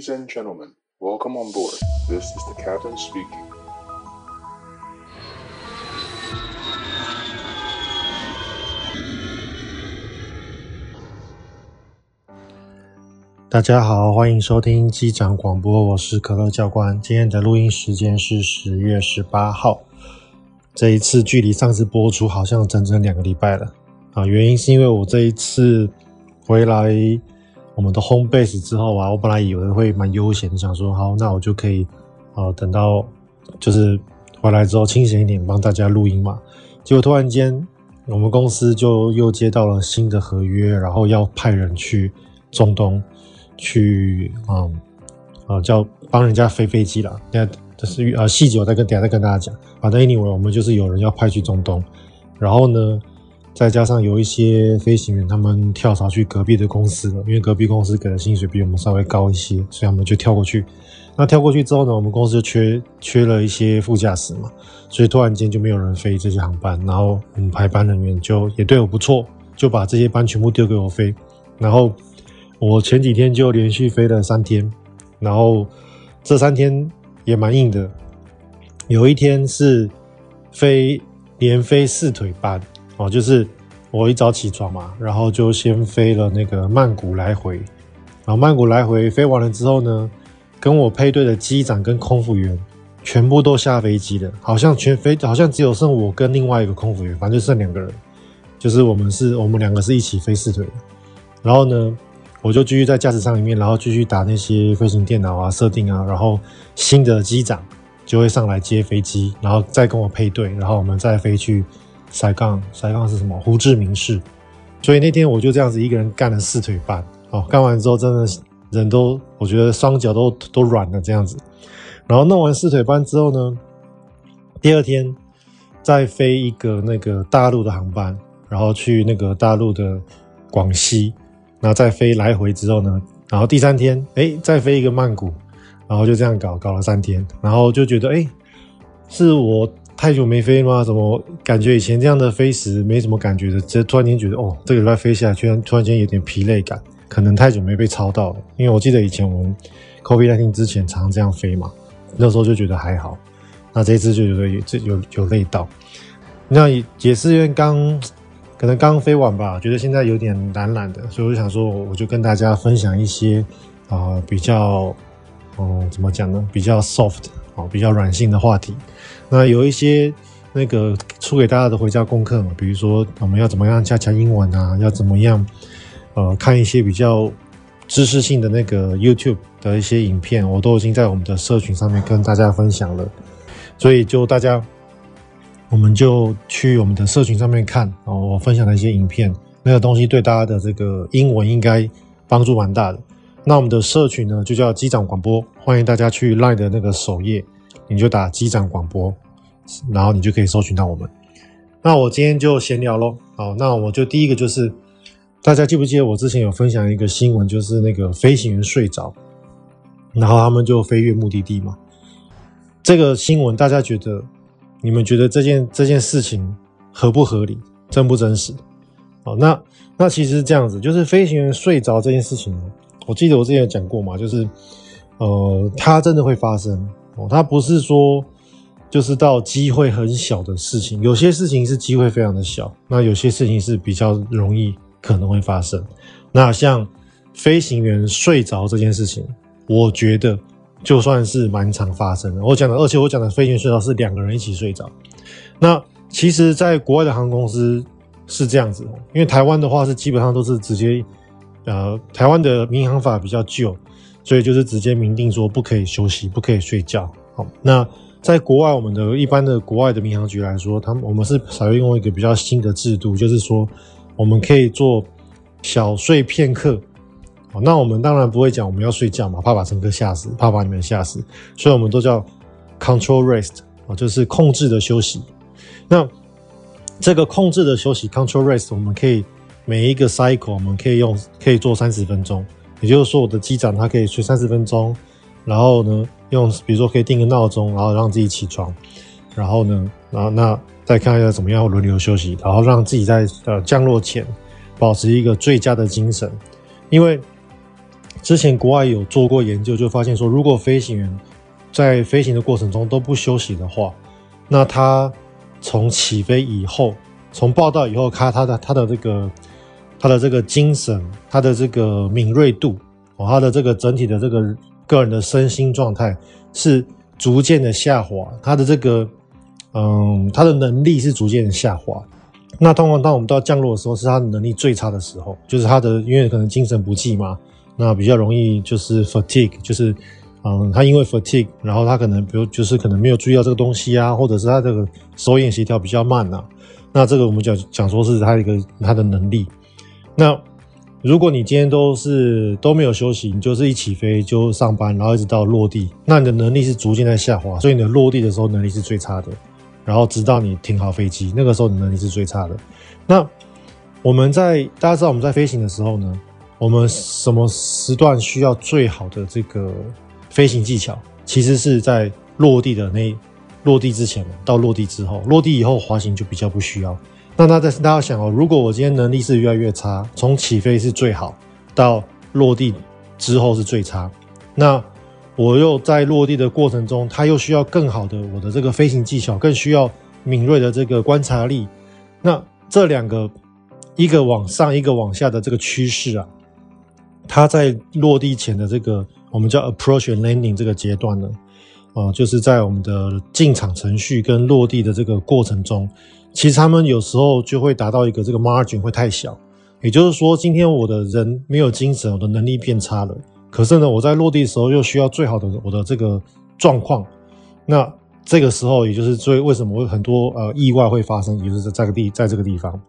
Ladies and gentlemen, welcome on board. This is the captain speaking. 大家好，歡迎收聽機長廣播，我是可樂教官。今天的錄音時間是十月十八號。這一次距離上次播出好像整整兩個禮拜了啊。原因是因為我這一次回來。我們的 home base 之後啊，我本來以為會蠻悠閒的，想說好，那我就可以，呃，等到就是回來之後清閒一點，幫大家錄音嘛。結果突然間，我們公司就又接到了新的合約，然後要派人去中東去，嗯，啊、呃，叫幫人家飛飛機了。那這、就是呃細節，細節我再跟，等下再跟大家講。反正因為我們就是有人要派去中東，然後呢。再加上有一些飛行員，他們跳槽去隔壁的公司了，因為隔壁公司給的薪水比我們稍微高一些，所以他們就跳過去。那跳過去之後呢，我們公司就缺缺了一些副駕駛嘛，所以突然間就沒有人飛這些航班。然後我們排班人員就也對我不錯，就把這些班全部丟給我飛。然後我前幾天就連續飛了三天，然後這三天也蠻硬的。有一天是飛，連飛四腿班。哦，就是我一早起床嘛，然後就先飛了那個曼谷來回，然後曼谷來回飛完了之後呢，跟我配對的機長跟空服員全部都下飛機了，好像全飛，好像只有剩我跟另外一個空服員，反正就剩兩個人，就是我們是我們兩個是一起飛四腿，然後呢，我就繼續在駕駛艙裡面，然後繼續打那些飛行電腦啊、設定啊，然後新的機長就會上來接飛機，然後再跟我配對，然後我們再飛去。塞槓，塞槓是什麼？胡志明市。所以那天我就這樣子一個人幹了四腿班哦，幹完之後真的人都，我覺得雙腳都都軟了這樣子。然後弄完四腿班之後呢，第二天再飛一個那個大陸的航班，然後去那個大陸的廣西，然後再飛來回之後呢，然後第三天哎、欸、再飛一個曼谷，然後就這樣搞搞了三天，然後就覺得哎、欸、是我。太久沒飛嗎？怎麼感覺以前這樣的飛時沒什麼感覺的，這突然間覺得哦，這個來飛下去，居然突然間有點疲累感，可能太久沒被操到了。因為我記得以前我們 COVID-19 之前常常這樣飛嘛，那時候就覺得還好。那這次就覺得有有有累到，那也是因為剛可能剛飛完吧，覺得現在有點懶懶的，所以我就想說，我就跟大家分享一些啊、呃、比較，嗯、呃，怎麼講呢？比較 soft 的。哦，比較軟性的話題。那有一些那個出給大家的回家功課嘛，比如說我們要怎麼樣加強英文啊，要怎麼樣呃看一些比較知識性的那個 YouTube 的一些影片，我都已經在我們的社群上面跟大家分享了。所以就大家，我們就去我們的社群上面看哦，我分享的一些影片，那個東西對大家的這個英文應該幫助蠻大的。那我們的社群呢，就叫機長廣播，歡迎大家去 LINE 的那個首頁，你就打機長廣播，然後你就可以搜尋到我們。那我今天就閒聊咯。好，那我就第一個就是，大家記不記得我之前有分享一個新聞，就是那個飛行員睡着，然後他們就飛越目的地嘛。這個新聞大家覺得，你們覺得這件這件事情合不合理，真不真實？好，那那其實是這樣子，就是飛行員睡着這件事情呢我記得我之前講過嘛，就是，呃，它真的會發生哦，它不是說就是到機會很小的事情，有些事情是機會非常的小，那有些事情是比較容易可能會發生。那像飛行員睡着這件事情，我覺得就算是蠻常發生的。我講的，而且我講的飛行員睡着是兩個人一起睡着。那其實，在國外的航空公司是這樣子，因為台灣的話是基本上都是直接。呃，台灣的民航法比較舊，所以就是直接明定說不可以休息，不可以睡覺。好，那在國外，我們的一般的國外的民航局來說，他們我們是採用一個比較新的制度，就是說我們可以做小睡片刻。好，那我們當然不會講我們要睡覺嘛，怕把乘客嚇死，怕把你們嚇死，所以我們都叫 control rest，哦，就是控制的休息。那這個控制的休息 control rest，我們可以。每一個 cycle 我們可以用，可以做三十分鐘，也就是說我的機長他可以睡三十分鐘，然後呢，用比如說可以定個鬧鐘，然後讓自己起床，然後呢，然後那再看一下怎麼樣輪流休息，然後讓自己在呃降落前保持一個最佳的精神，因為之前國外有做過研究，就發現說如果飛行員在飛行的過程中都不休息的話，那他從起飛以後，從報到以後，他他的他的這個。他的這個精神，他的這個敏銳度，哦，他的這個整體的這個個人的身心狀態是逐漸的下滑。他的這個，嗯，他的能力是逐漸的下滑。那通常當我們到降落的時候，是他的能力最差的時候，就是他的，因為可能精神不濟嘛，那比較容易就是 fatigue，就是，嗯，他因為 fatigue，然後他可能比如就是可能沒有注意到這個東西啊，或者是他這個手眼協調比較慢啊，那這個我們講講說是他一個他的能力。那如果你今天都是都沒有休息，你就是一起飛就上班，然後一直到落地，那你的能力是逐漸在下滑，所以你的落地的時候能力是最差的，然後直到你停好飛機，那個時候你的能力是最差的。那我們在大家知道我們在飛行的時候呢，我們什麼時段需要最好的這個飛行技巧？其實是在落地的那落地之前，到落地之後，落地以後滑行就比較不需要。那他在，大家想哦，如果我今天能力是越來越差，從起飛是最好，到落地之後是最差。那我又在落地的過程中，它又需要更好的我的這個飛行技巧，更需要敏銳的這個觀察力。那這兩個一個往上，一個往下的這個趨勢啊，它在落地前的這個我們叫 approach and landing 這個階段呢，啊、呃，就是在我們的進場程序跟落地的這個過程中。其實他們有時候就會，達到一個這個 margin 會太小，也就是說，今天我的人沒有精神，我的能力變差了。可是呢，我在落地的時候又需要最好的我的這個狀況。那這個時候，也就是最為什麼會很多呃，意外會發生，也就是在這個地，在這個地方。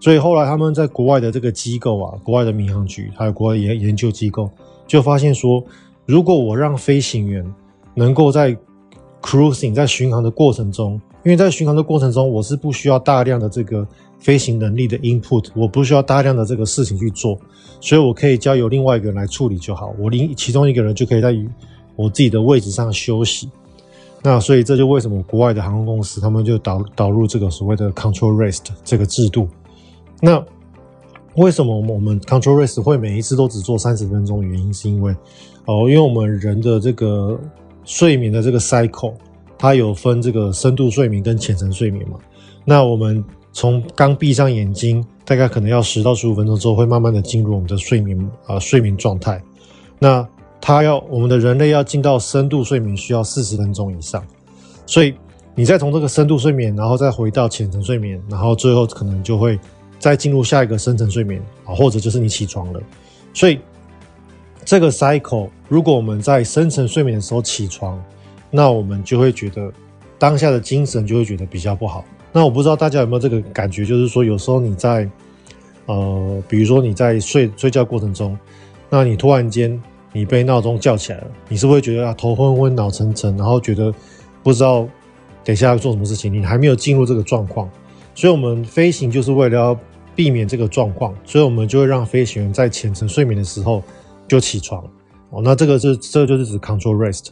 所以後來他們在國外的這個機構啊，國外的民航局還有國外研、研究機構，就發現說，如果我讓飛行員能夠在 cruising 在巡航的過程中。因為在巡航的過程中，我是不需要大量的這個飛行能力的 input，我不需要大量的這個事情去做，所以我可以交由另外一個人來處理就好。我另其中一個人就可以在我自己的位置上休息。那所以這就為什麼國外的航空公司他們就導導入這個所謂的 control rest 這個制度。那為什麼我們 control rest 會每一次都只做三十分鐘？原因是因為哦，因為我們人的這個睡眠的這個 cycle。它有分這個深度睡眠跟淺層睡眠嘛？那我們從剛閉上眼睛，大概可能要十到十五分鐘之後，會慢慢的進入我們的睡眠啊、呃、睡眠狀態。那它要我們的人類要進到深度睡眠，需要四十分鐘以上。所以你再從這個深度睡眠，然後再回到淺層睡眠，然後最後可能就會再進入下一個深層睡眠啊，或者就是你起床了。所以這個 cycle，如果我們在深層睡眠的時候起床，那我們就會覺得，當下的精神就會覺得比較不好。那我不知道大家有沒有這個感覺，就是說有時候你在，呃，比如說你在睡睡覺過程中，那你突然間你被鬧鐘叫起來了，你是不是覺得啊頭昏昏腦沉沉，然後覺得不知道等一下要做什麼事情，你還沒有進入這個狀況。所以，我們飛行就是為了要避免這個狀況，所以我們就會讓飛行員在淺層睡眠的時候就起床。哦，那這個是這個，就是指 control rest。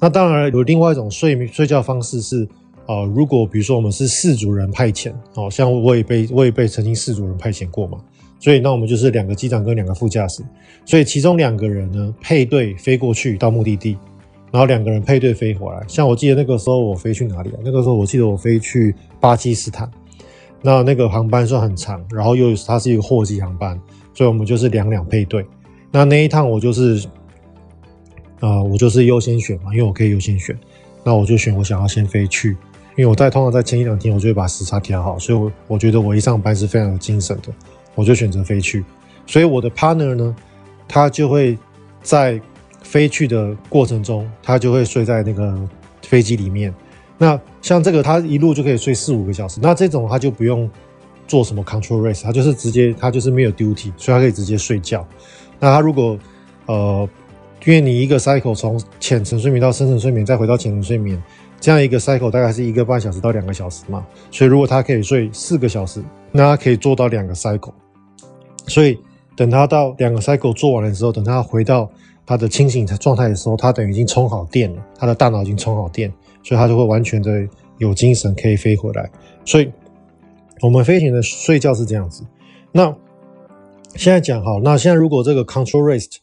那當然有另外一種睡睡覺方式是，啊、呃，如果比如說我們是四組人派遣，好、哦、像我也被我也被曾經四組人派遣過嘛，所以那我們就是兩個機長跟兩個副駕駛，所以其中兩個人呢配對飛過去到目的地，然後兩個人配對飛回來。像我記得那個時候我飛去哪裡啊？那個時候我記得我飛去巴基斯坦，那那個航班算很長，然後又它是一個貨機航班，所以我們就是兩兩配對。那那一趟我就是。呃，我就是優先選嘛，因為我可以優先選，那我就選我想要先飛去，因為我在通常在前一兩天我就會把時差調好，所以我，我我覺得我一上班是非常有精神的，我就選擇飛去。所以我的 partner 呢，他就會在飛去的過程中，他就會睡在那個飛機裡面。那像這個，他一路就可以睡四五個小時，那這種他就不用做什麼 controlled rest，他就是直接他就是沒有 duty，所以他可以直接睡覺。那他如果呃。因為你一個 cycle 從淺層睡眠到深層睡眠，再回到淺層睡眠，這樣一個 cycle 大概是一個半小時到兩個小時嘛。所以如果他可以睡四個小時，那他可以做到兩個 cycle。所以等他到兩個 cycle 做完了的時候，等他回到他的清醒狀態的時候，他等於已經充好電了，他的大腦已經充好電，所以他就會完全的有精神可以飛回來。所以我們飛行的睡覺是這樣子。那現在講好，那現在如果這個 control rest。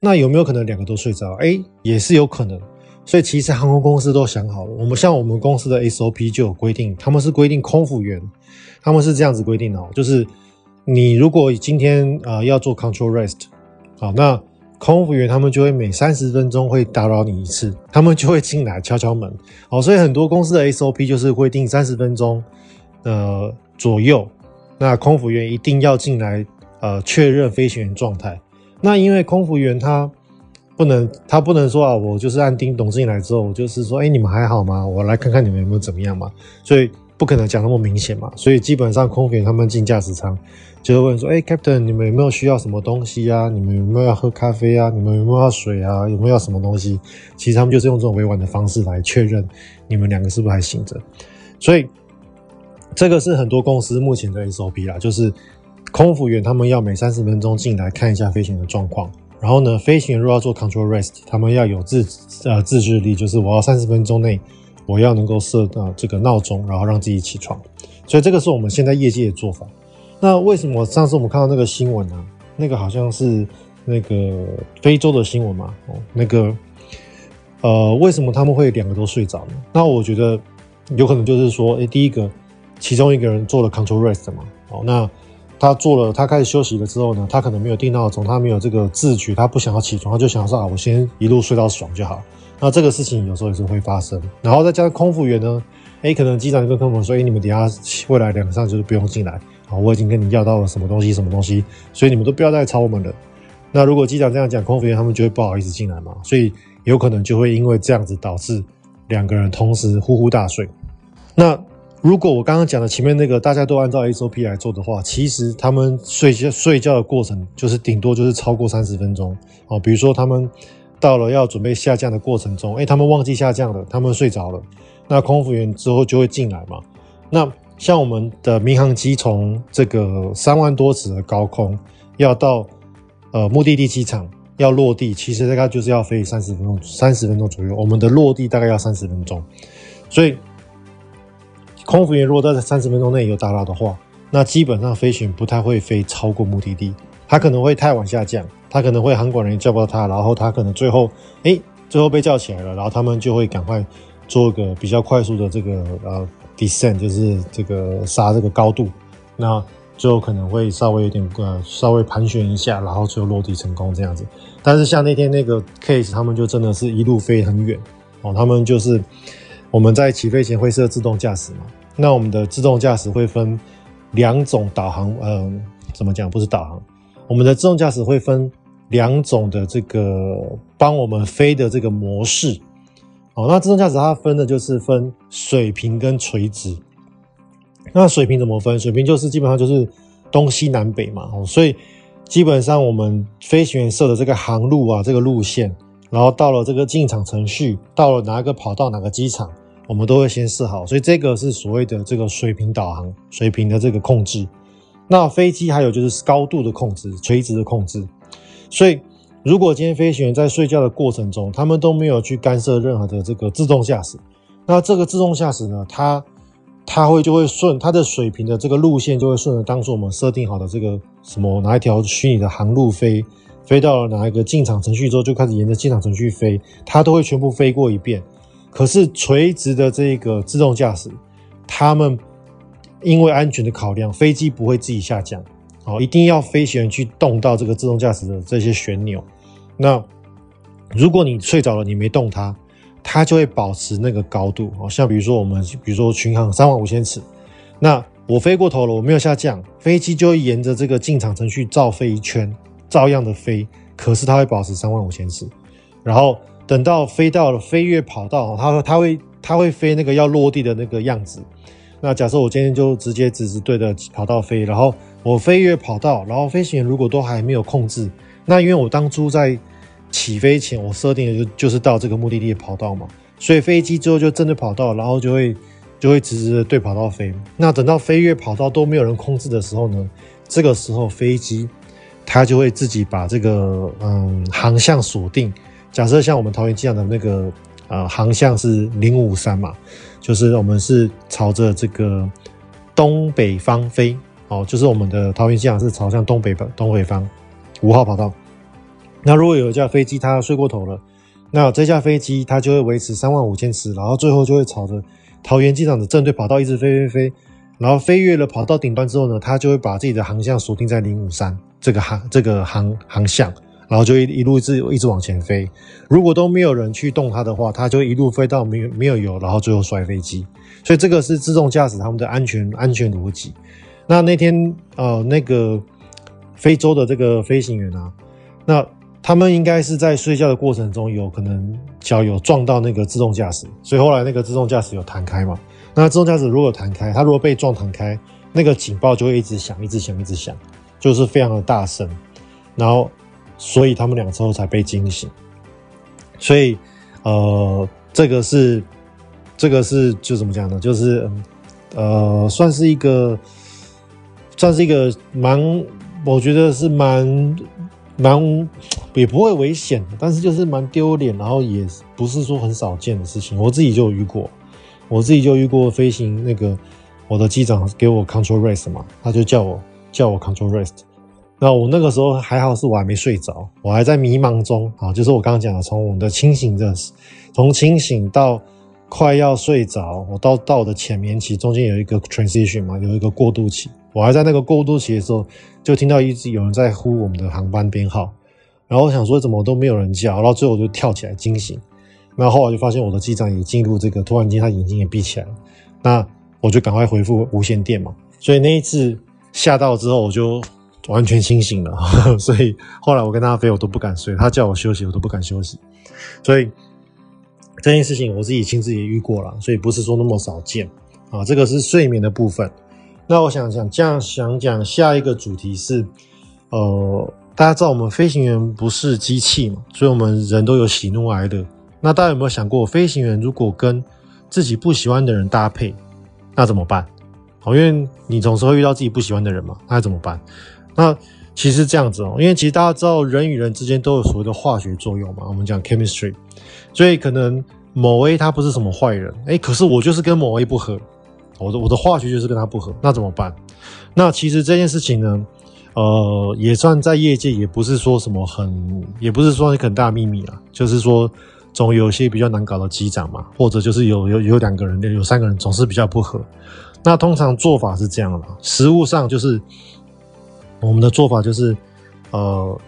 那有沒有可能兩個都睡着？哎、欸，也是有可能。所以其實航空公司都想好了。我們像我們公司的 SOP 就有規定，他們是規定空服員，他們是這樣子規定的哦，就是你如果今天啊要做 control rest，好，那空服員他們就會每三十分鐘會打擾你一次，他們就會進來敲敲門。好，所以很多公司的 SOP 就是規定三十分鐘呃左右，那空服員一定要進來呃確認飛行員狀態。那因為空服員他不能，他不能說啊，我就是按叮咚進來之後，我就是說，哎、欸，你們還好嗎？我來看看你們有沒有怎麼樣嘛，所以不可能講那麼明顯嘛，所以基本上空服員他們進駕駛艙就會問說，哎、欸，Captain，你們有沒有需要什麼東西啊？你們有沒有要喝咖啡啊？你們有沒有要水啊？有沒有要什麼東西？其實他們就是用這種委婉的方式來確認你們兩個是不是還醒着，所以這個是很多公司目前的 SOP 啦，就是。空服員他們要每三十分鐘進來看一下飛行的狀況，然後呢，飛行員若要做 control rest，他們要有自呃、自制力，就是我要三十分鐘內，我要能夠設到這個鬧鐘，然後讓自己起床。所以這個是我們現在業界的做法。那為什麼上次我們看到那個新聞呢、啊？那個好像是那個非洲的新聞嘛？哦，那個呃，為什麼他們會兩個都睡着呢？那我覺得有可能就是說，哎、欸，第一個，其中一個人做了 control rest 嘛，哦，那。他做了，他開始休息了之後呢，他可能沒有定鬧鐘，他沒有這個自覺，他不想要起床，他就想說啊，我先一路睡到爽就好。那這個事情有時候也是會發生。然後再加上空服員呢，哎、欸，可能機長就跟空服員說，哎、欸，你們等下未來兩上，就是不用進來啊，我已經跟你要到了什麼東西，什麼東西，所以你們都不要再吵我們了。那如果機長這樣講，空服員他們就會不好意思進來嘛，所以有可能就會因為這樣子導致兩個人同時呼呼大睡。那。如果我剛剛講的前面那個大家都按照 SOP 來做的話，其實他們睡覺睡覺的過程就是頂多就是超過三十分鐘啊。比如說他們到了要準備下降的過程中，哎、欸，他們忘記下降了，他們睡着了，那空服員之後就會進來嘛。那像我們的民航機從這個三萬多尺的高空要到呃目的地機場要落地，其實大概就是要飛三十分鐘，三十分鐘左右，我們的落地大概要三十分鐘，所以。空服員如果在三十分鐘內有打擾的話，那基本上飛行不太會飛超過目的地。他可能會太晚下降，他可能會航管人員叫不到他，然後他可能最後，哎、欸，最後被叫起來了，然後他們就會趕快做個比較快速的這個呃 descent，就是這個殺這個高度。那最後可能會稍微有點呃稍微盤旋一下，然後最後落地成功這樣子。但是像那天那個 case，他們就真的是一路飛很遠哦，他們就是。我們在起飛前會設自動駕駛嘛。那我們的自動駕駛會分兩種導航，嗯、呃，怎麼講？不是導航，我們的自動駕駛會分兩種的這個幫我們飛的這個模式。好，那自動駕駛它分的就是分水平跟垂直。那水平怎麼分？水平就是基本上就是東西南北嘛。哦，所以基本上我們飛行員設的這個航路啊，這個路線，然後到了這個進場程序，到了哪個跑道哪個機場。我們都會先設好，所以這個是所謂的這個水平導航，水平的這個控制。那飛機還有就是高度的控制，垂直的控制。所以如果今天飛行員在睡覺的過程中，他們都沒有去干涉任何的這個自動駕駛，那這個自動駕駛呢，它它會就會順它的水平的這個路線，就會順着當初我們設定好的這個什麼哪一條虛擬的航路飛，飛，飛到了哪一個進場程序之後，就開始沿着進場程序飛，它都會全部飛過一遍。可是垂直的這個自動駕駛，他們因為安全的考量，飛機不會自己下降，哦，一定要飛行員去動到這個自動駕駛的這些旋鈕。那如果你睡着了，你沒動它，它就會保持那個高度。哦，像比如說我們，比如說巡航三萬五千尺，那我飛過頭了，我沒有下降，飛機就會沿着這個進場程序照飛一圈，照樣的飛，可是它會保持三萬五千尺，然後。等到飛到了飛越跑道，他說他會他會飛那個要落地的那個樣子。那假設我今天就直接直直對着跑道飛，然後我飛越跑道，然後飛行員如果都還沒有控制，那因為我當初在起飛前我設定的就是、就是到這個目的地的跑道嘛，所以飛機之後就正著跑道，然後就會就會直直的對跑道飛。那等到飛越跑道都沒有人控制的時候呢，這個時候飛機它就會自己把這個嗯航向鎖定。假設像我們桃園機場的那個呃航向，是零五三嘛，就是我們是朝着這個東北方飛，哦，就是我們的桃園機場是朝向東北方東北方五號跑道。那如果有一架飛機它睡過頭了，那這架飛機它就會維持三萬五千尺，然後最後就會朝着桃園機場的正對跑道一直飛飛飛，然後飛越了跑道頂端之後呢，它就會把自己的航向鎖定在零五三這個航這個航航向。然後就一一路一直一直往前飛，如果都沒有人去動它的話，它就一路飛到沒有沒有油，然後最後摔飛機。所以這個是自動駕駛他們的安全安全邏輯。那那天呃那個非洲的這個飛行員啊，那他們應該是在睡覺的過程中，有可能腳有撞到那個自動駕駛，所以後來那個自動駕駛有彈開嘛。那自動駕駛如果有彈開，它如果被撞彈開，那個警報就會一直響，一直響，一直響，一直響，就是非常的大聲，然後。所以他們兩個之後才被驚醒。所以，呃，這個是，這個是就怎麼講呢？就是，呃，算是一個，算是一個蠻，我覺得是蠻蠻，也不會危險的，但是就是蠻丟臉，然後也不是說很少見的事情。我自己就有遇過，我自己就遇過飛行那個，我的機長給我 control rest 嘛，他就叫我叫我 control rest。那我那個時候還好，是我還沒睡着，我還在迷茫中啊。就是我剛剛講的，從我們的清醒着，從清醒到快要睡着，我到到我的淺眠期中間有一個 transition 嘛，有一個過渡期。我還在那個過渡期的時候，就聽到一直有人在呼我們的航班編號，然後我想說怎麼都沒有人叫，然後最後我就跳起來驚醒。那後來就發現我的機長也進入這個，突然間他眼睛也閉起來了，那我就趕快回復無線電嘛。所以那一次嚇到之後，我就。完全清醒了， 所以後來我跟他飛，我都不敢睡。他叫我休息，我都不敢休息。所以這件事情我自己親自也遇過了，所以不是說那麼少見啊。這個是睡眠的部分。那我想想，這樣想講下一個主題是，呃，大家知道我們飛行員不是機器嘛，所以我們人都有喜怒哀樂。那大家有沒有想過，飛行員如果跟自己不喜歡的人搭配，那怎麼辦？好，因為你總是會遇到自己不喜歡的人嘛，那怎麼辦？那其實這樣子哦，因為其實大家知道人與人之間都有所謂的化學作用嘛，我們講 chemistry，所以可能某 A 他不是什麼壞人，哎、欸，可是我就是跟某 A 不合，我的我的化學就是跟他不合，那怎麼辦？那其實這件事情呢，呃，也算在業界也不是說什麼很，也不是說很大的秘密啊，就是說，總有一些比較難搞的機長嘛，或者就是有有有兩個人、有三個人總是比較不合，那通常做法是這樣的，實務上就是。我們的做法就是，呃，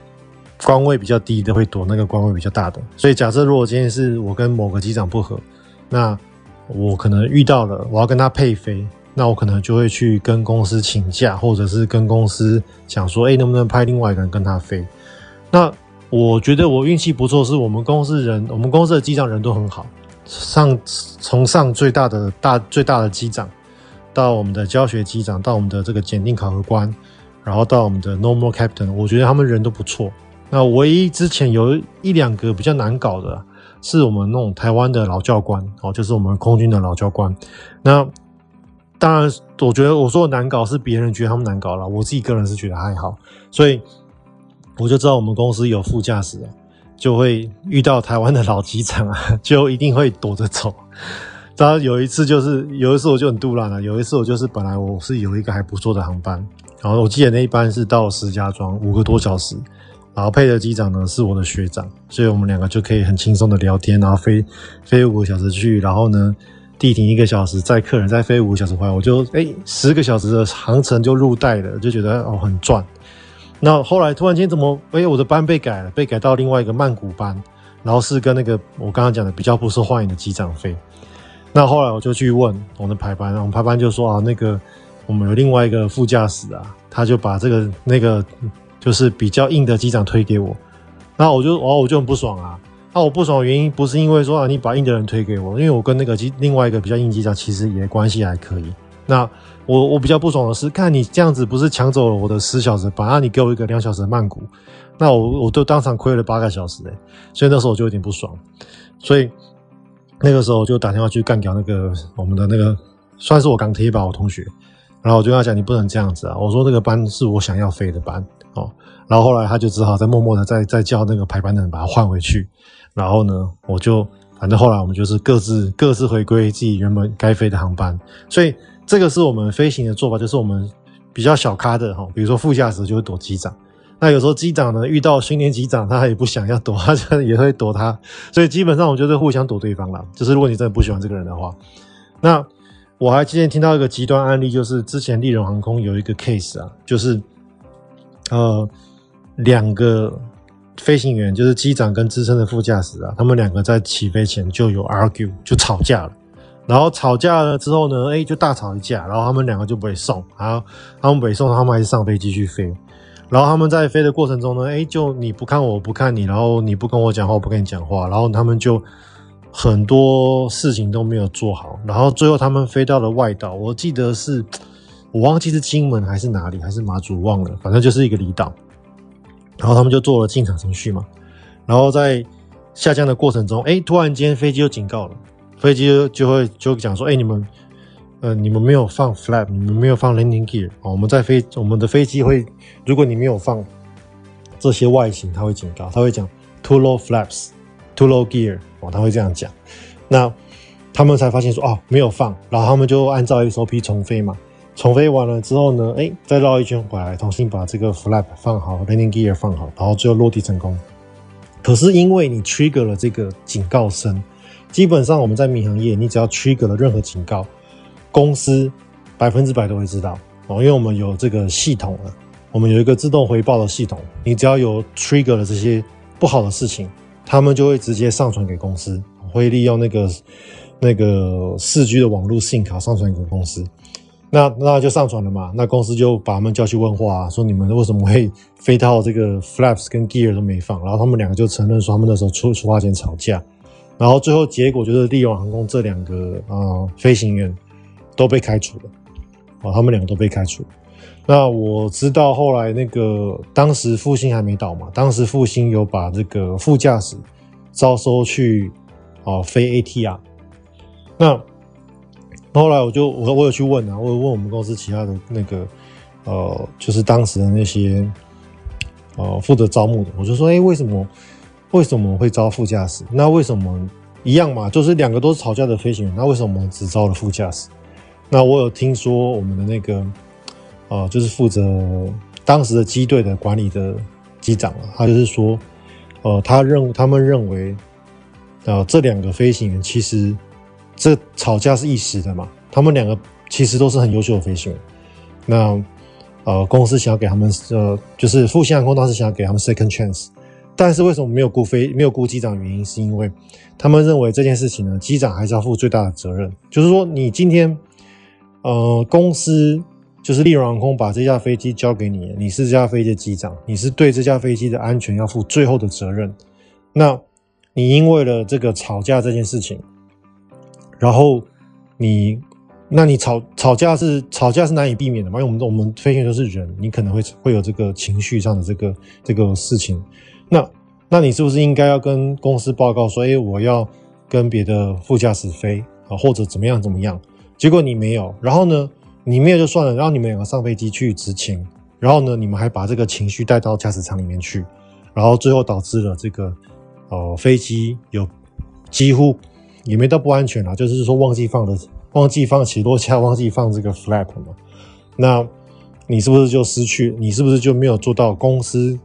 官位比較低的會躲那個官位比較大的。所以假設如果今天是我跟某個機長不合，那我可能遇到了我要跟他配飛，那我可能就會去跟公司請假，或者是跟公司講說，哎、欸，能不能派另外一個人跟他飛？那我覺得我運氣不錯，是我們公司人，我們公司的機長人都很好，上從上最大的大最大的機長，到我們的教學機長，到我們的這個檢定考核官。然後到我們的 Normal Captain，我覺得他們人都不錯。那唯一之前有一兩個比較難搞的是我們那種台灣的老教官哦，就是我們空軍的老教官。那當然，我覺得我說的難搞是別人覺得他們難搞了，我自己個人是覺得還好。所以我就知道我們公司有副駕駛，就會遇到台灣的老機長啊，就一定會躲着走。然後有一次就是有一次我就很賭爛了，有一次我就是本來我是有一個還不錯的航班。然後我記得那一班是到石家莊五個多小時，然後配的機長呢，是我的學長，所以我們兩個就可以很輕鬆的聊天，然後飛飛五個小時去，然後呢，地停一個小時，載客人再飛五個小時回來，我就哎十個小時的航程就入袋了，就覺得哦很賺。那後來突然間怎麼哎我的班被改了，被改到另外一個曼谷班，然後是跟那個我剛剛講的比較不受歡迎的機長飛。那後來我就去問我們的排班，我們排班就說，啊那個。我們有另外一個副駕駛啊，他就把這個那個就是比較硬的機長推給我，那我就哦我就很不爽啊。那、啊、我不爽的原因不是因為說啊你把硬的人推給我，因為我跟那個機另外一個比較硬機長其實也關係還可以。那我我比較不爽的是，看你這樣子不是搶走了我的十小時，反、啊、而你給我一個兩小時的曼谷，那我我就當場虧了八個小時哎、欸，所以那時候我就有點不爽，所以那個時候我就打電話去幹掉那個我們的那個算是我港鐵吧，我同學。然後我就跟他講，你不能這樣子啊！我說那個班是我想要飛的班哦。然後後來他就只好再默默的再再，再叫那個排班的人把他換回去。然後呢，我就反正後來我們就是各自各自回歸自己原本該飛的航班。所以這個是我們飛行的做法，就是我們比較小咖的哈、哦，比如說副駕駛就會躲機長。那有時候機長呢遇到訓練機長，他也不想要躲，他就也會躲他。所以基本上我覺得是互相躲對方了。就是如果你真的不喜歡這個人的話，那。我還之前聽到一個極端案例，就是之前立榮航空有一個 case 啊，就是呃兩個飛行員，就是機長跟資深的副駕駛啊，他們兩個在起飛前就有 argue，就吵架了。然後吵架了之後呢，誒、欸、就大吵一架，然後他們兩個就不會送，然後他們不會送，他們還是上飛機去飛。然後他們在飛的過程中呢，誒、欸、就你不看我不看你，然後你不跟我講話我不跟你講話，然後他們就。很多事情都沒有做好，然後最後他們飛到了外島，我記得是，我忘記是金門還是哪裡，還是馬祖忘了，反正就是一個離島。然後他們就做了進場程序嘛，然後在下降的過程中，哎、欸，突然間飛機又警告了，飛機就會就講說，哎、欸，你們、呃，你們沒有放 flap，你們沒有放 landing gear，我們在飛，我們的飛機會，如果你沒有放這些外形，他會警告，他會講 too low flaps。Too low gear，哦，他會這樣講，那他們才發現說哦，沒有放，然後他們就按照 SOP 重飛嘛，重飛完了之後呢，誒，再繞一圈回來，重新把這個 flap 放好，landing gear 放好，然後最後落地成功。可是因為你 trigger 了這個警告聲，基本上我們在民航業，你只要 trigger 了任何警告，公司百分之百都會知道哦，因為我們有這個系統了，我們有一個自動回報的系統，你只要有 trigger 了這些不好的事情。他們就會直接上傳給公司，會利用那個那個四 G 的網絡 SIM 卡上傳給公司，那那就上傳了嘛。那公司就把他們叫去問話，說你們為什麼會飛到這個 flaps 跟 gear 都沒放？然後他們兩個就承認說他們那時候出出發前吵架，然後最後結果就是利用航空這兩個啊、呃、飛行員都被開除了，啊，他們兩個都被開除。那我知道後來那個當時復興還沒倒嘛，當時復興有把這個副駕駛招收去啊、呃、飛 ATR。那後來我就我我有去問啊，我有問我們公司其他的那個呃，就是當時的那些呃負責招募的，我就說哎、欸、為什麼為什麼會招副駕駛？那為什麼一樣嘛，就是兩個都是吵架的飛行員，那為什麼只招了副駕駛？那我有聽說我們的那個。啊、呃，就是負責當時的機隊的管理的機長了、啊。他就是說，呃，他認他們認為，呃，這兩個飛行員其實這吵架是一時的嘛。他們兩個其實都是很優秀的飛行員。那呃，公司想要給他們呃，就是復興航空當時想要給他們 second chance，但是為什麼沒有雇飛沒有雇機長的原因是因為他們認為這件事情呢，機長還是要負最大的責任。就是說，你今天呃，公司。就是立榮航空把這架飛機交給你，你是這架飛機的機長，你是對這架飛機的安全要負最後的責任。那你因為了這個吵架這件事情，然後你，那你吵吵架是吵架是難以避免的嘛？因為我們我們飛行員都是人，你可能會會有這個情緒上的這個這個事情。那那你是不是應該要跟公司報告說，以、欸、我要跟別的副駕駛飛啊，或者怎麼樣怎麼樣？結果你沒有，然後呢？你沒有就算了，然後你們兩個上飛機去執勤，然後呢，你們還把這個情緒帶到駕駛艙裡面去，然後最後導致了這個，哦、呃、飛機有幾乎也沒到不安全了，就是說忘記放了，忘記放起落架，忘記放這個 flap 嘛，那你是不是就失去，你是不是就沒有做到公司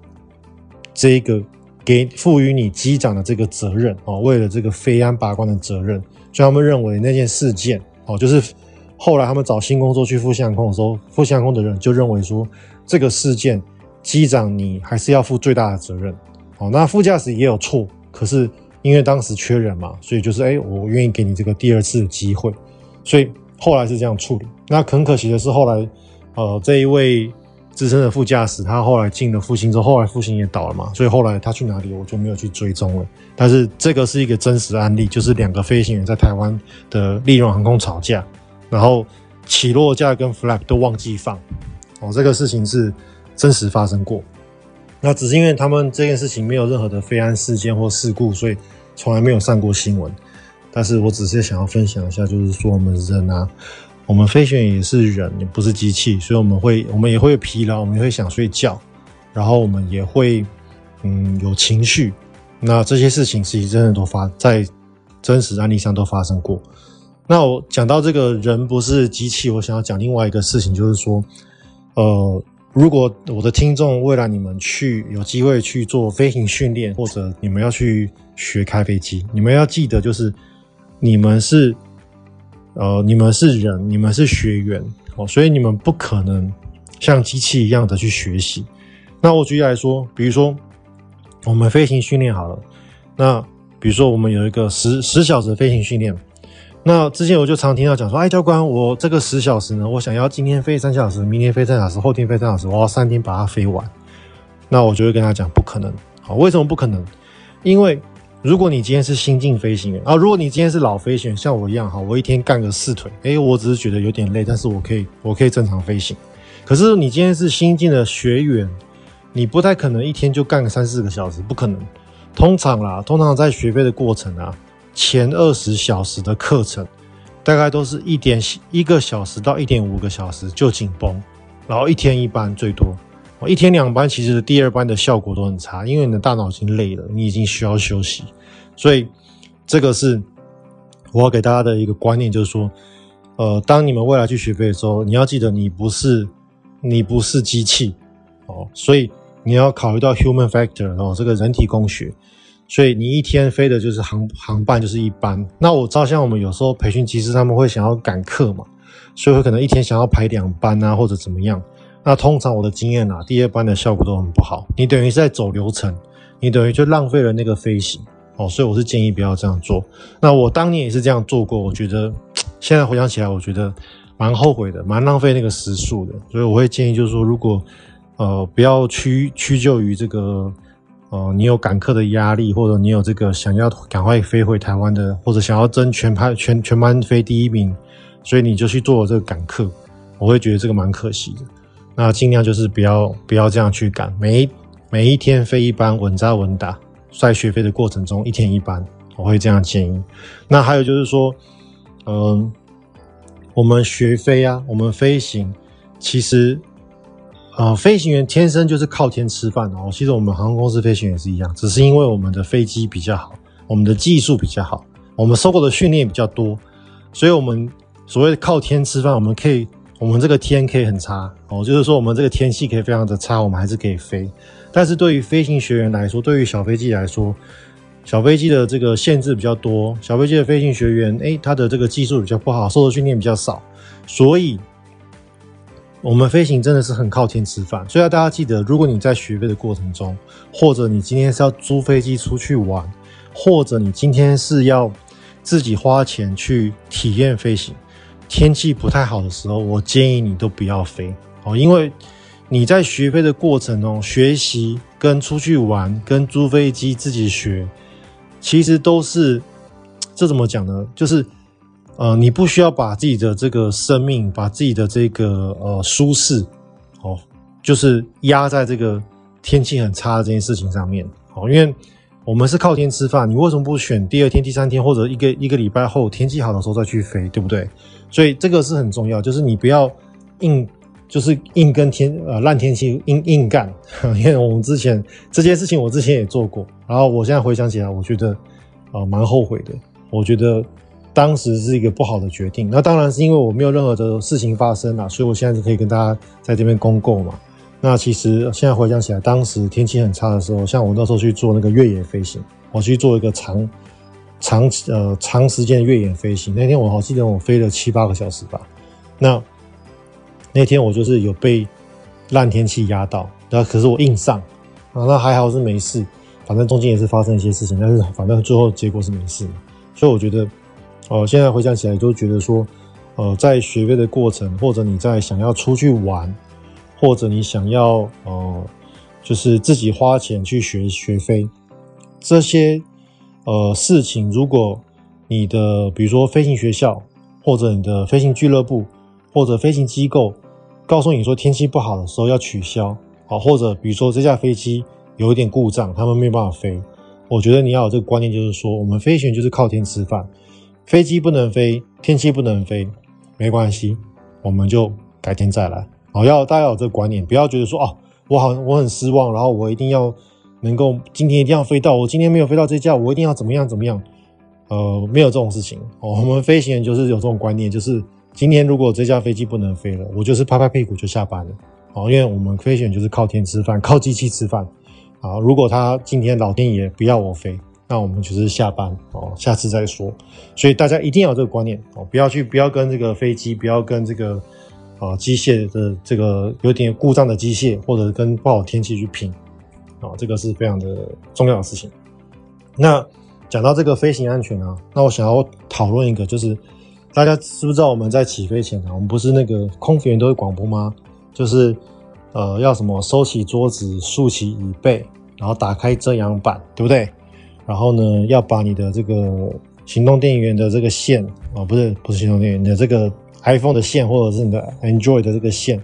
這個給賦予你機長的這個責任哦？為了這個飛安把關的責任，所以他們認為那件事件哦，就是。後來他們找新工作去復興航空的時候，復興航空的人就認為說，這個事件機長你還是要負最大的責任，好、哦，那副駕駛也有錯，可是因為當時缺人嘛，所以就是哎、欸，我願意給你這個第二次機會，所以後來是這樣處理。那很可惜的是，後來呃這一位資深的副駕駛他後來進了復興之後，後來復興也倒了嘛，所以後來他去哪裡我就沒有去追蹤了。但是這個是一個真實的案例，就是兩個飛行員在台灣的立榮航空吵架。然後起落架跟 flap 都忘記放，哦，這個事情是真實發生過。那只是因為他們這件事情沒有任何的飛安事件或事故，所以從來沒有上過新聞。但是我只是想要分享一下，就是說我們人啊，我們飛行員也是人，也不是機器，所以我們會，我們也會疲勞，我們也會想睡覺，然後我們也會，嗯，有情緒。那這些事情其實真的都發在真實案例上都發生過。那我講到這個人不是機器，我想要講另外一個事情，就是說，呃，如果我的聽眾未來你們去有機會去做飛行訓練，或者你們要去學開飛機，你們要記得就是你們是，呃，你們是人，你們是學員，哦，所以你們不可能像機器一樣的去學習。那我舉例來說，比如說我們飛行訓練好了，那比如說我們有一個十十小時的飛行訓練。那之前我就常聽到講說，哎，教官，我這個十小時呢，我想要今天飛三小時，明天飛三小時，後天飛三小時，我要三天把它飛完。那我就會跟他講，不可能。好，為什麼不可能？因為如果你今天是新進飛行員啊，如果你今天是老飛行員，像我一樣，好，我一天幹個四腿，哎，我只是覺得有點累，但是我可以，我可以正常飛行。可是你今天是新進的學員，你不太可能一天就幹個三四個小時，不可能。通常啦，通常在學飛的過程啊。前二十小時的課程，大概都是一點一個小時到一點五個小時就緊繃，然後一天一班最多。我一天兩班，其實第二班的效果都很差，因為你的大腦已經累了，你已經需要休息。所以這個是我給大家的一個觀念，就是說，呃，當你們未來去學飛的時候，你要記得你不是你不是機器哦，所以你要考慮到 human factor 哦，這個人體工學。所以你一天飛的就是航航班就是一班。那我知道，像我們有時候培訓機師他們會想要趕課嘛，所以會可能一天想要排兩班啊，或者怎麼樣。那通常我的經驗啊，第二班的效果都很不好。你等於是在走流程，你等於就浪費了那個飛行哦。所以我是建議不要這樣做。那我當年也是這樣做過，我覺得現在回想起來，我覺得蠻後悔的，蠻浪費那個時速的。所以我會建議就是說，如果呃不要屈屈就於這個。呃，你有趕課的壓力，或者你有這個想要趕快飛回台灣的，或者想要爭全班全全班飛第一名，所以你就去做這個趕課。我會覺得這個蠻可惜的。那盡量就是不要不要這樣去趕，每一每一天飛一班，穩紮穩打，在學飛的過程中一天一班，我會這樣建議。那還有就是說，嗯、呃，我們學飛啊，我們飛行其實。啊、呃，飛行員天生就是靠天吃飯哦。其實我們航空公司飛行員也是一樣，只是因為我們的飛機比較好，我們的技術比較好，我們受過的訓練比較多，所以我們所謂靠天吃飯，我們可以，我們這個天可以很差哦，就是說我們這個天氣可以非常的差，我們還是可以飛。但是對於飛行學員來說，對於小飛機來說，小飛機的這個限制比較多，小飛機的飛行學員，哎、欸，他的這個技術比較不好，受的訓練比較少，所以。我們飛行真的是很靠天吃飯，所以大家記得，如果你在學飛的過程中，或者你今天是要租飛機出去玩，或者你今天是要自己花錢去體驗飛行，天氣不太好的時候，我建議你都不要飛哦，因為你在學飛的過程中，學習跟出去玩跟租飛機自己學，其實都是，這怎麼講呢？就是。呃，你不需要把自己的這個生命，把自己的這個呃舒適，哦，就是壓在這個天氣很差的這件事情上面，哦，因為我們是靠天吃飯，你為什麼不選第二天、第三天或者一個一個禮拜後天氣好的時候再去飛，對不對？所以這個是很重要，就是你不要硬，就是硬跟天呃爛天氣硬硬幹，因為我們之前這件事情我之前也做過，然後我現在回想起來，我覺得呃蠻後悔的，我覺得。當時是一個不好的決定，那當然是因為我沒有任何的事情發生了，所以我現在就可以跟大家在這邊公購嘛。那其實現在回想起來，當時天氣很差的時候，像我那時候去做那個越野飛行，我去做一個長長呃長時間越野飛行，那天我好記得我飛了七八個小時吧。那那天我就是有被爛天氣壓到，然後可是我硬上啊，那還好是沒事，反正中間也是發生一些事情，但是反正最後結果是沒事，所以我覺得。呃，現在回想起來都覺得說，呃，在學飛的過程，或者你在想要出去玩，或者你想要呃，就是自己花錢去學學飛這些呃事情，如果你的比如說飛行學校，或者你的飛行俱樂部，或者飛行機構，告訴你說天氣不好的時候要取消啊，或者比如說這架飛機有一點故障，他們沒有辦法飛，我覺得你要有這個觀念，就是說我們飛行員就是靠天吃飯。飛機不能飛，天氣不能飛，沒關係，我們就改天再來。好，要大家要有這個觀念，不要覺得說哦，我好我很失望，然後我一定要能夠今天一定要飛到，我今天沒有飛到這架，我一定要怎麼樣怎麼樣？呃，沒有這種事情。我們飛行員就是有這種觀念，就是今天如果這架飛機不能飛了，我就是拍拍屁股就下班了。啊，因為我們飛行員就是靠天吃飯，靠機器吃飯。啊，如果他今天老天爺不要我飛。那我們就是下班哦，下次再說。所以大家一定要有這個觀念哦，不要去，不要跟這個飛機，不要跟這個啊機械的這個有點故障的機械，或者跟不好的天氣去拼哦，這個是非常的重要的事情。那講到這個飛行安全啊，那我想要討論一個，就是大家知不知道我們在起飛前啊，我們不是那個空服員都會廣播嗎？就是呃要什麼收起桌子，豎起椅背，然後打開遮陽板，對不對？然後呢，要把你的這個行動電源的這個線啊、呃，不是不是行動電源，你的這個 iPhone 的線或者是你的 Android 的這個線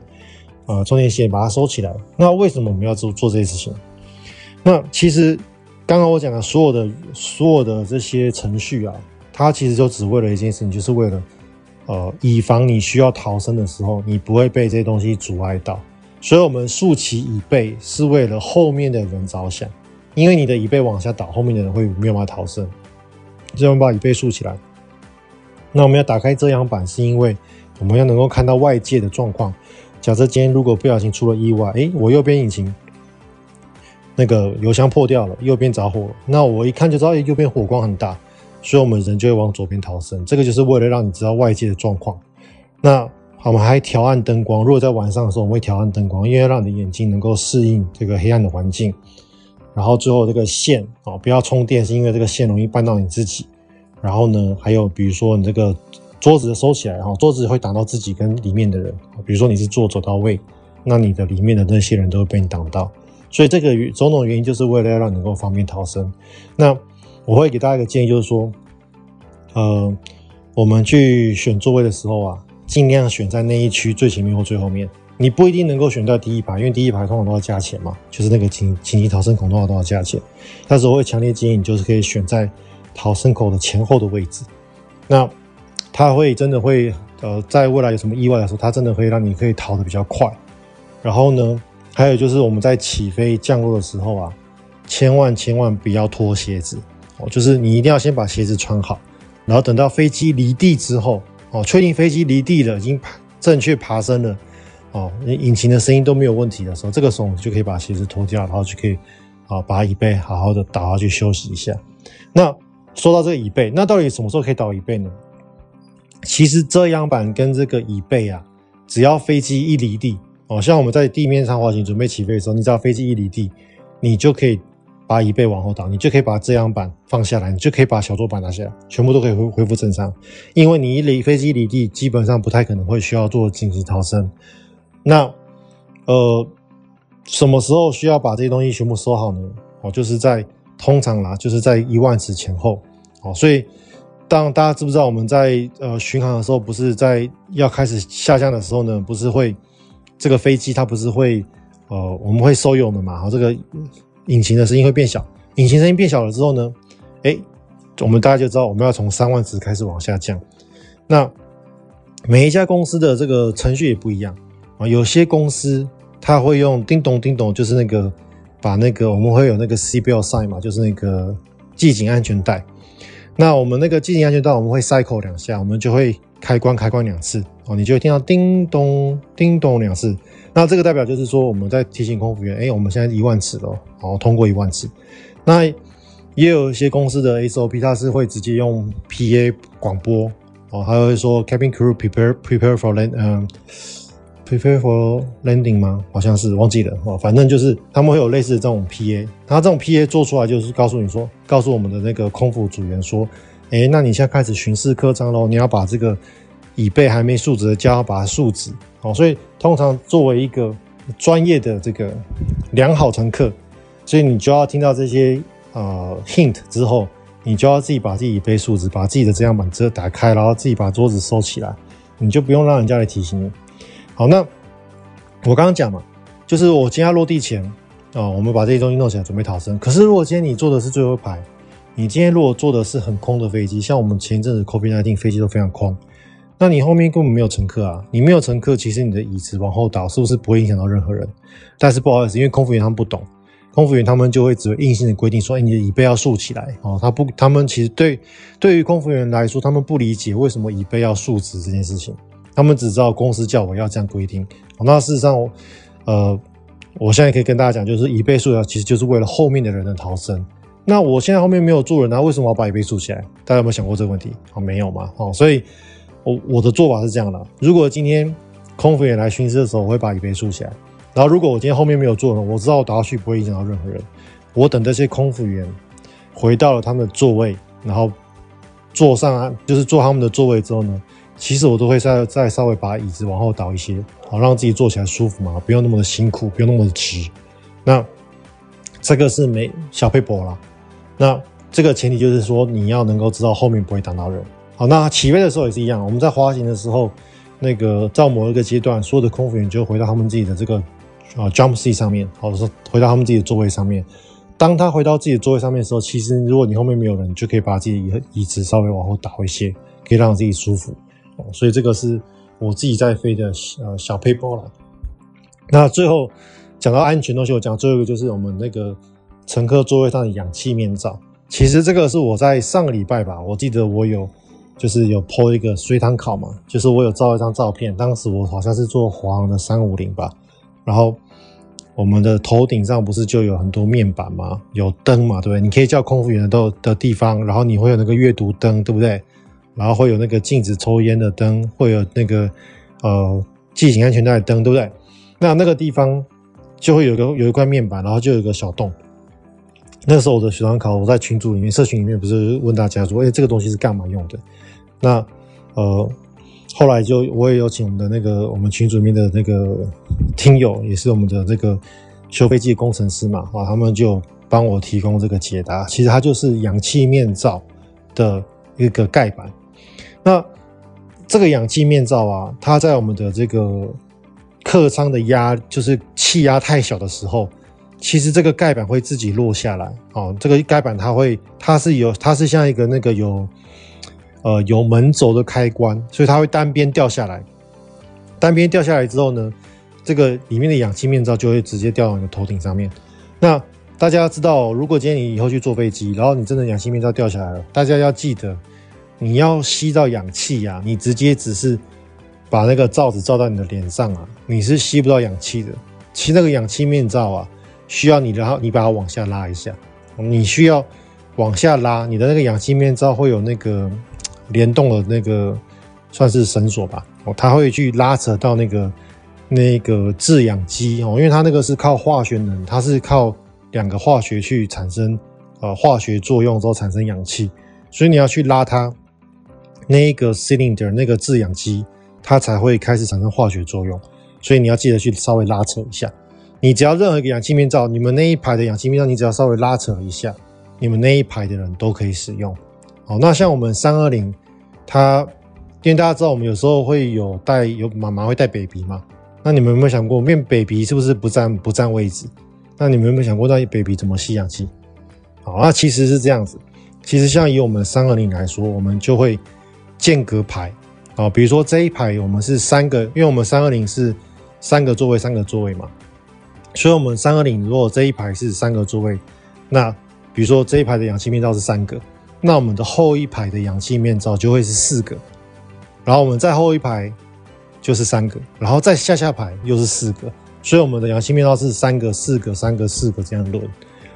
啊，充電線，把它收起來。那為什麼我們要做做這些事情？那其實剛剛我講的所有的所有的這些程序啊，它其實就只為了一件事情，就是為了呃，以防你需要逃生的時候，你不會被這些東西阻礙到。所以我們豎起椅背是為了後面的人着想。因為你的椅背往下倒，後面的人會沒有辦法逃生。這樣，把椅背豎起來。那我們要打開遮陽板，是因為我們要能夠看到外界的狀況。假設今天如果不小心出了意外，哎、欸，我右邊引擎那個油箱破掉了，右邊着火了，那我一看就知道，右邊火光很大，所以我們人就會往左邊逃生。這個就是為了讓你知道外界的狀況。那我們還調暗燈光。如果在晚上的時候，我們會調暗燈光，因為要讓你的眼睛能夠適應這個黑暗的環境。然後最後這個線啊、哦，不要充電，是因為這個線容易絆到你自己。然後呢，還有比如說你這個桌子收起來，然後桌子會擋到自己跟裡面的人。比如說你是坐走道位，那你的裡面的那些人都會被你擋到。所以這個與這種種原因，就是為了要讓你能夠方便逃生。那我會給大家一個建議，就是說，呃，我們去選座位的時候啊，盡量選在那一區最前面或最後面。你不一定能夠選到第一排，因為第一排通常都要加錢嘛，就是那個緊緊急逃生口通常都要加錢。但是我會強烈建議你，就是可以選在逃生口的前後的位置。那它會真的會呃，在未來有什麼意外的時候，它真的會讓你可以逃得比較快。然後呢，還有就是我們在起飛降落的時候啊，千萬千萬不要脫鞋子哦，就是你一定要先把鞋子穿好，然後等到飛機離地之後哦，確定飛機離地了，已經正確爬升了。哦，引擎的聲音都沒有問題的時候，這個時候我們就可以把鞋子脫掉，然後就可以，啊、哦，把椅背好好的倒下去休息一下。那說到這個椅背，那到底什麼時候可以倒椅背呢？其實遮陽板跟這個椅背啊，只要飛機一離地，哦，像我們在地面上滑行準備起飛的時候，你只要飛機一離地，你就可以把椅背往後倒，你就可以把遮陽板放下來，你就可以把小桌板拿下來，全部都可以恢恢復正常。因為你一離飛機一離地，基本上不太可能會需要做緊急逃生。那，呃，什麼時候需要把這些東西全部收好呢？哦，就是在通常啦，就是在一萬尺前後。哦，所以當大家知不知道我們在呃巡航的時候，不是在要開始下降的時候呢？不是會這個飛機它不是會呃，我們會收油門嘛？然後這個引擎的聲音會變小，引擎聲音變小了之後呢，哎、欸，我們大家就知道我們要從三萬尺開始往下降。那每一家公司的這個程序，也不一樣。啊，有些公司他會用叮咚叮咚，就是那個把那個我們會有那個 seatbelt sign 嘛，就是那個繫緊安全帶。那我們那個繫緊安全帶，我們會 cycle 兩下，我們就會開關開關兩次哦，你就會聽到叮咚叮咚兩次。那這個代表就是說我們在提醒空服員，哎，我們現在一萬尺了，然後通過一萬次。那也有一些公司的 SOP 它是會直接用 PA 廣播哦，還會說 Cabin Crew prepare prepare for land，嗯、um。Prepare for landing 嗎？好像是忘記了哦。反正就是他們會有類似的這種 PA，他這種 PA 做出來就是告訴你說，告訴我們的那個空服組員說，哎、欸，那你現在開始巡視客艙嘍。你要把這個椅背還沒豎直的，就要把它豎直。哦，所以通常作為一個專業的這個良好乘客，所以你就要聽到這些呃 hint 之後，你就要自己把自己椅背豎直，把自己的遮陽板遮打開，然後自己把桌子收起來，你就不用讓人家來提醒你。好，那我剛剛講嘛，就是我今天要落地前啊、哦，我們把這些東西弄起來準備逃生。可是如果今天你坐的是最後一排，你今天如果坐的是很空的飛機，像我們前一陣子 COVID nineteen 飛機都非常空，那你後面根本沒有乘客啊，你沒有乘客，其實你的椅子往後倒是不是不會影響到任何人？但是不好意思，因為空服員他們不懂，空服員他們就會只會硬性的規定說，哎，你的椅背要豎起來哦，他不，他們其實對對於空服員來說，他們不理解為什麼椅背要豎直這件事情。他們只知道公司叫我要這樣規定，那事實上，呃，我現在可以跟大家講，就是椅背豎起來其實就是為了後面的人的逃生。那我現在後面沒有坐人，那為什麼要把椅背豎起來？大家有沒有想過這個問題啊？沒有嘛，哈，所以我我的做法是這樣的：如果今天空服員來巡視的時候，我會把椅背豎起來；然後如果我今天後面沒有坐人，我知道我倒下去不會影響到任何人，我等這些空服員回到了他們的座位，然後坐上啊，就是坐他們的座位之後呢。其實我都會再再稍微把椅子往後倒一些，好讓自己坐起來舒服嘛，不用那麼的辛苦，不用那麼的直。那這個是沒小撇步了啦。那這個前提就是說，你要能夠知道後面不會擋到人。好，那起飛的時候也是一樣，我們在滑行的時候，那個到某一個階段，所有的空服員就會回到他們自己的這個啊 jump seat 上面，好回到他們自己的座位上面。當他回到自己的座位上面的時候，其實如果你後面沒有人，就可以把自己的椅椅子稍微往後倒一些，可以讓自己舒服。嗯、所以這個是我自己在飛的小呃，小 paper 啦。那最後講到安全東西，我講最後一個就是我們那個乘客座位上的氧氣面罩。其實這個是我在上個禮拜吧，我記得我有就是有 po 一個隨堂考嘛，就是我有照一張照片。當時我好像是坐華航的三五零吧，然後我們的頭頂上不是就有很多面板嗎？有燈嘛，對不對？你可以叫空服員的的地方，然後你會有那個閱讀燈，對不對？然後會有那個禁止抽煙的燈，會有那個呃繫緊安全帶的燈，對不對？那那個地方就會有一個有一塊面板，然後就有個小洞。那時候我的學長考，我在群組裡面、社群裡面不是問大家說：“哎、欸，這個東西是幹嘛用的？”那呃，後來就我也有請我們的那個我們群組裡面的那個聽友，也是我們的那個修飛機的工程師嘛，啊，他們就幫我提供這個解答。其實它就是氧氣面罩的一個蓋板。那這個氧氣面罩啊，它在我們的這個客艙的壓，就是氣壓太小的時候，其實這個蓋板會自己落下來。哦，這個蓋板它會，它是有，它是像一個那個有，呃，有門軸的開關，所以它會單邊掉下來。單邊掉下來之後呢，這個裡面的氧氣面罩就會直接掉到你的頭頂上面。那大家要知道，如果今天你以後去坐飛機，然後你真的氧氣面罩掉下來了，大家要記得。你要吸到氧氣啊！你直接只是把那個罩子罩到你的臉上啊，你是吸不到氧氣的。吸那個氧氣面罩啊，需要你，然後你把它往下拉一下。你需要往下拉，你的那個氧氣面罩會有那個聯動的那個算是繩索吧，哦，它會去拉扯到那個那個制氧機哦，因為它那個是靠化學能，它是靠兩個化學去產生呃化學作用之後產生氧氣，所以你要去拉它。那一個 cylinder 那個製氧機，它才會開始產生化學作用。所以你要記得去稍微拉扯一下。你只要任何一個氧氣面罩，你們那一排的氧氣面罩，你只要稍微拉扯一下，你們那一排的人都可以使用。好，那像我們三二零，它，因為大家知道我們有時候會有帶有媽媽會帶 baby 嘛，那你們有沒有想過，面 baby 是不是不佔不佔位置？那你們有沒有想過，那 baby 怎麼吸氧氣？好，那其實是這樣子。其實像以我們三二零來說，我們就會。間隔排，啊，比如說這一排我們是三個，因為我們三二零是三個座位，三個座位嘛，所以我們三二零如果這一排是三個座位，那比如說這一排的氧氣面罩是三個，那我們的後一排的氧氣面罩就會是四個，然後我們在後一排就是三個，然後再下下排又是四個，所以我們的氧氣面罩是三個、四個、三個、四個這樣輪。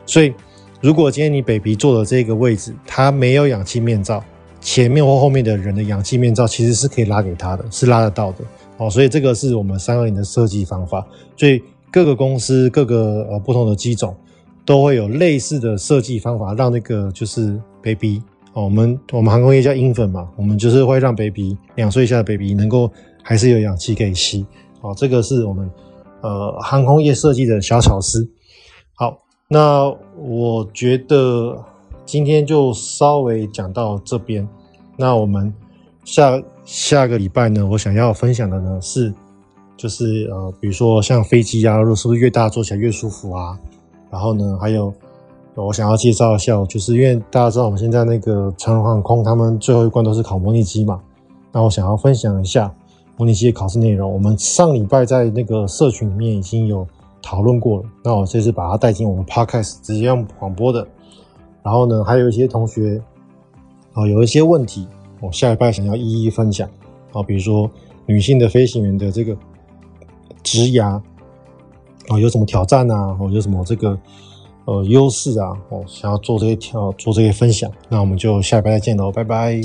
所以如果今天你 baby 坐的這個位置，它沒有氧氣面罩，前面或後面的人的氧氣面罩，其實是可以拉給他的，是拉得到的哦。所以這個是我們三二零的設計方法。所以各個公司、各個呃不同的機種都會有類似的設計方法，讓那個就是 baby 哦。我們我們航空業叫 infant 嘛，我們就是會讓 baby 兩歲以下的 baby 能夠還是有氧氣可以吸。哦，這個是我們呃航空業設計的小巧思。好，那我覺得。今天就稍微講到這邊，那我們下下個禮拜呢，我想要分享的呢是，就是呃，比如說像飛機啊，如果是不是越大坐起來越舒服啊？然後呢，還有我想要介紹一下，就是因為大家知道我們現在那個長榮航空，他們最後一關都是考模擬機嘛，那我想要分享一下模擬機的考試內容。我們上禮拜在那個社群裡面已經有討論過了，那我這次把它帶進我們 podcast 直接用廣播的。然後呢，還有一些同學，啊、哦，有一些問題，我、哦、下禮拜想要一一分享，啊、哦，比如說女性的飛行員的這個職涯，啊、哦，有什麼挑戰啊，或、哦、有什麼這個呃優勢啊？我、哦、想要做這些挑、哦、做這些分享，那我們就下禮拜再見嘍，拜拜。